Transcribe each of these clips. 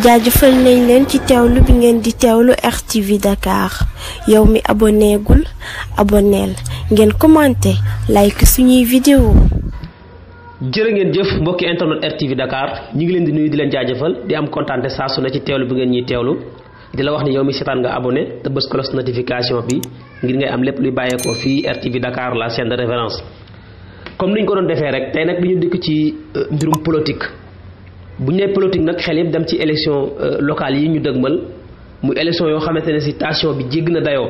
jaajëfal nañ leen ci teewlu bi ngeen di teewlu RTV Dakar yow mi aboneegul aboneel ngeen commenté like suñuy vidéo jërë ngeen jëf mbokki internet RTV Dakar ñu ngi leen di nuyu di leen jaajëfal di am kontaan saa su ci teewlu bu ngeen ñuy teewlu di la wax ni yow mi seetaan nga abonné te bës cloche notification bi ngir ngay am lépp luy bàyyeekoo fii RTV Dakar la chaîne de référence comme ni ñu ko doon defee rek tey nag bi ñu dikk ci euh, mbirum politique. bu ñu nee politique nag xel yëpp dem ci élection euh, locale yi ñu dëgmal mu élection yoo xamante ne si tension bi jégg na dayoo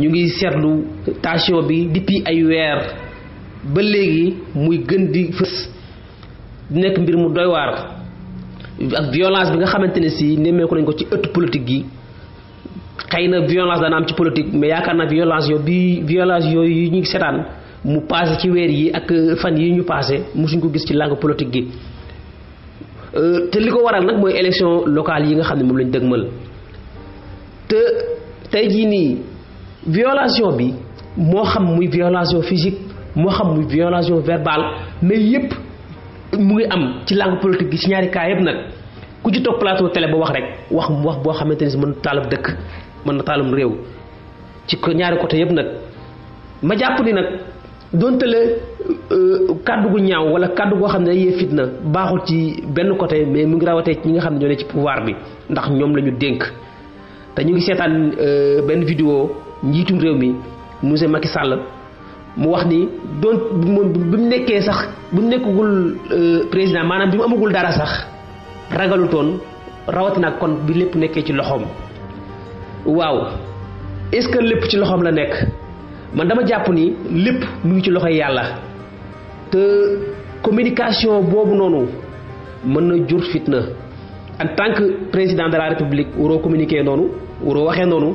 ñu ngi seetlu tension bi depuis ay weer ba léegi muy gën di fës di nekk mbir mu doy waar ak violence bi nga xamante ne si nemmeeku nañ ko ci ëtt politique gi xëy na violence dana am ci politique mais yaakaar na violence bi violence yooyu ñu ngi seetaan mu passé ci weer yi ak fan yi ñu passé mosuñ ko gis ci langue politique gi Euh, te li ko waral nag mooy élection locale yi nga xam ne moom lañ dëgmal te tey jii nii violation bi moo xam muy violation physique moo xam muy violation verbale mais yépp mu ngi am ci langue politique gi ci ñaari cas yépp nag ku ci toog plateau télé ba wax rek wax mu wax boo xamante ni si mën na taalum dëkk mën na taalum réew ci ñaari côté yépp nag ma jàpp ni nag. dontale euh, kàddu gu ñaaw wala kàddu goo xam ne day yee fitna baaxul ci benn côté mais mu ngi rawatee ci ñi nga xam ne ñoo ne ci pouvoir bi ndax ñoom la ñu dénk te ñu ngi seetaan euh, benn vidéo njiitum réew mi monsieur Macky Sall mu wax ni doon bi mu nekkee sax bi mu nekkagul euh, président maanaam bi mu amagul dara sax ragalutoon rawatina kon bi lépp nekkee ci loxoom waaw est-ce que lépp ci loxoom la nekk. man dama jàpp ni lépp mu ngi ci loxo yàlla te communication boobu noonu mën na jur fitna en tant que président de la république waroo communiquer noonu waroo waxe noonu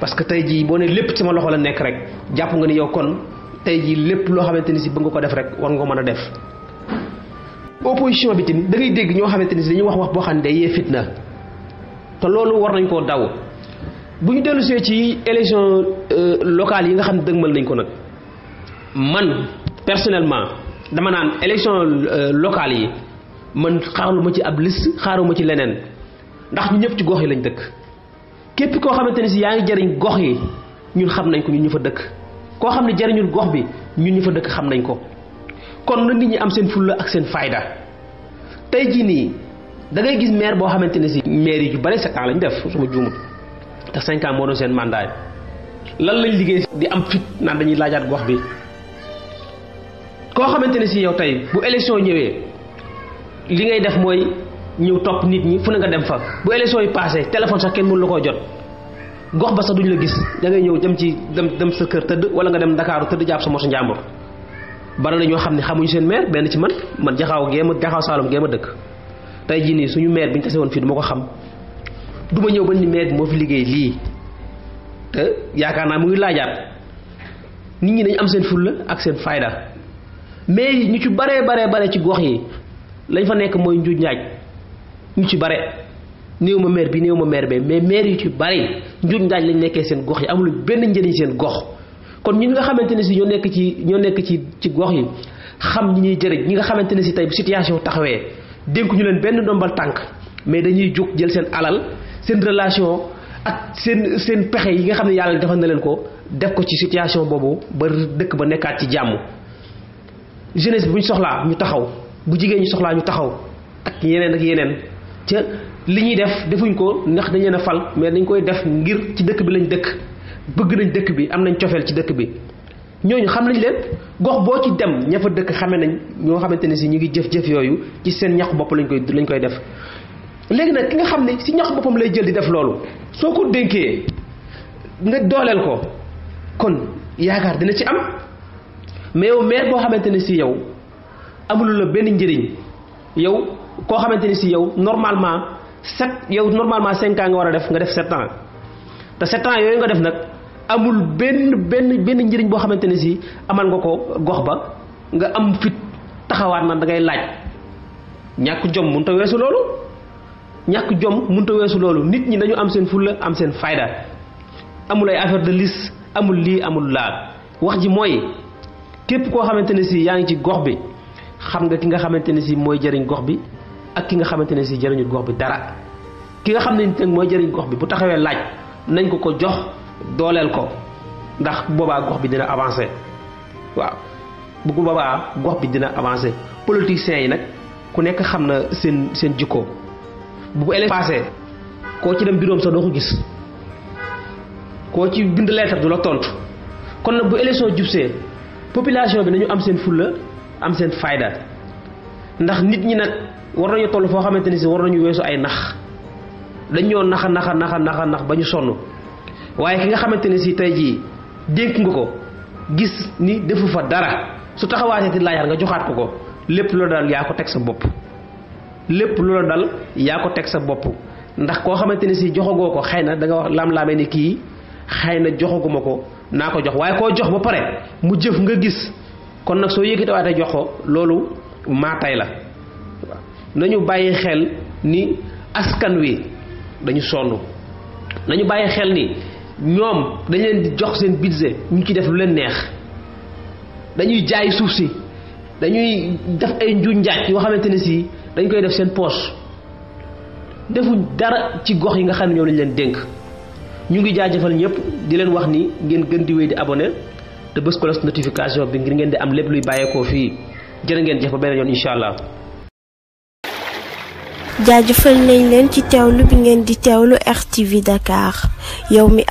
parce que tey jii boo ne lépp sama loxo la nekk rek jàpp nga ni yow kon tey jii lépp loo xamante ni si bëgg nga ko def rek war nga ko mën a def. opposition bi tamit da ngay dégg ñoo xamante ni si dañuy wax wax boo xam ne day yee fitna te loolu war nañ koo daw. buñu delu sé ci élection euh, locale yi nga xam deugmal nañ ko nak man personnellement dama nan élection euh, locale yi man xaaruma ci ab liste xaaruma ci lenen ndax ñu ñëpp ci gox yi lañ dëkk képp koo xamante ni si yaa ngi jëriñ gox yi ñun xam nañ ko ñun ñu fa dëkk koo xam ne jëriñul gox bi ñun ñu fa dëkk xam nañ ko kon na nit ñi am seen fulla ak seen fayda tey jii nii da ngay gis maire boo xamanteni ne si maire yi ju bare sept ans lañ def suma juumut te 5 ans moo doon seen mandat lan lañ liggéey di am fit nan dañuy laajaat gox bi ko xamanteni si yow tay bu élection ñëwé li ngay def moy ñu top nit ñi fu ne nga dem fa bu élection yi passé téléphone sax kenn mënu lako jot gox ba sax duñ la gis da ngay ñëw dem ci dem dem sa kër tëdd wala nga dem dakaaru tëdd japp sa mosu jambour bari la ñoo xamni xamuñu seen maire ben ci man man jaxaw géema jaxaw salum géema dëkk tay ji ni suñu maire biñu tassé won fi duma ko xam duma ñew ba ni med mo fi liggey li te yaaka na mu ngi laajaat nit ñi dañ am seen fulla ak seen fayda mais ñu ci bare bare bare ci gox yi lañ fa nekk mooy njuj njaaj ñu ci bare néew ma mer bi néew ma mer be mais mer yu ci bare njuj njaaj lañ nekkee seen gox yi amul benn njëriñ seen gox kon ñi nga xamanteni ne si ñoo nekk ci ñoo nekk ci ci gox yi xam ñi ñuy jëriñ ñi nga xamanteni si tey bu situation taxawee dénk ñu leen benn dombal tànk mais dañuy jóg jël seen alal seen relation ak seen seen pexe yi nga xam ne yàlla defal na leen ko def ko ci situation boobu ba dëkk ba nekkaat ci jàmm jeunesse bi bu ñu soxlaa ñu taxaw bu jigéen ñu soxlaa ñu taxaw ak yeneen ak yeneen ca li ñuy def defuñ ko ndax dañ leen a fal mais lañ koy def ngir ci dëkk bi lañ dëkk bëgg nañ dëkk bi am nañ cofeel ci dëkk bi ñooñu xam nañ leen gox boo ci dem ña fa dëkk xame nañ ñoo xamante ne si ñu ngi jëf-jëf yooyu ci seen ñax bopp lañ koy lañ koy def léegi nag ki nga xam ne si ñax boppam lay jël di def loolu soo ko dénkee nga dooleel ko kon yaakaar dina ci am mais yow maire boo xamante ne si yow amul la benn njëriñ yow koo xamante ni si yow normalement sept yow normalement cinq nga war a def nga def sept ans te sept ans yooyu nga def nag amul benn benn benn njëriñ boo xamante ne si amal nga ko gox ba nga am fit taxawaat na da ngay laaj ñàkk jom mënut a weesu loolu. ñak jom muntu wessu loolu nit ñi dañu am seen fulla am seen fayda amul ay affaire de liste amul li amul la wax ji moy képp koo xamanteni si yaa ngi ci gox bi xam nga ki nga xamanteni si mooy jëriñ gox bi ak ki nga xamanteni si jëriñul gox bi dara ki nga xam ne mooy gox bi bu taxawee laaj nañ ko ko jox dooleel ko ndax boobaa gox bi dina avancé waaw bu boobaa gox bi dina avancé politiciens yi nag ku nekk xam na seen seen bu élection koo ci dem bureau sax doo ko gis koo ci bind lettre du la tontu kon nag bu élection jubsee population bi nañu am seen fulla am seen fayda ndax nit ñi nag war nañu toll foo xamante ni si war nañu weesu ay nax dañ ñoo naxa naxa naxa naxa nax ba ñu sonn waaye ki nga xamante ne si tey jii dénk nga ko gis ni defu fa dara su taxawaatee di laajaat nga joxaat ko ko lépp loolu daal yaa ko teg sa bopp lépp lu la dal yaa ko teg sa bopp ndax koo xamante ni si joxagoo ko xëy na da nga wax laam-laamee ni kii xëy na joxaguma ko naa ko jox waaye koo jox ba pare mu jëf nga gis kon nag soo yëkkatiwaatee jox ko loolu maa tay la nañu bàyyi xel ni askan wi dañu sonn nañu bàyyi xel ni ñoom dañ leen jox seen budget ñu ci def lu leen neex dañuy jaayi suuf si dañuy def ay njunjaaj yoo xamante ne si dañ koy def seen poche defuñ dara ci gox yi nga xam ne ñoom lañ leen dénk ñu ngi jaajëfal ñëpp di leen wax ni ngeen gën di wéy di abonné te bés cloche notification bi ngir ngeen di am lépp luy bàyyeekoo fii jëna ngeen jëf ba beneen yoon incha allah jaajëfal nañ leen ci teewlu bi ngeen di teewlu RTV Dakar yow mi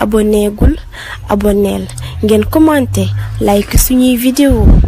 gul aboneel ngeen commenté like suñuy vidéo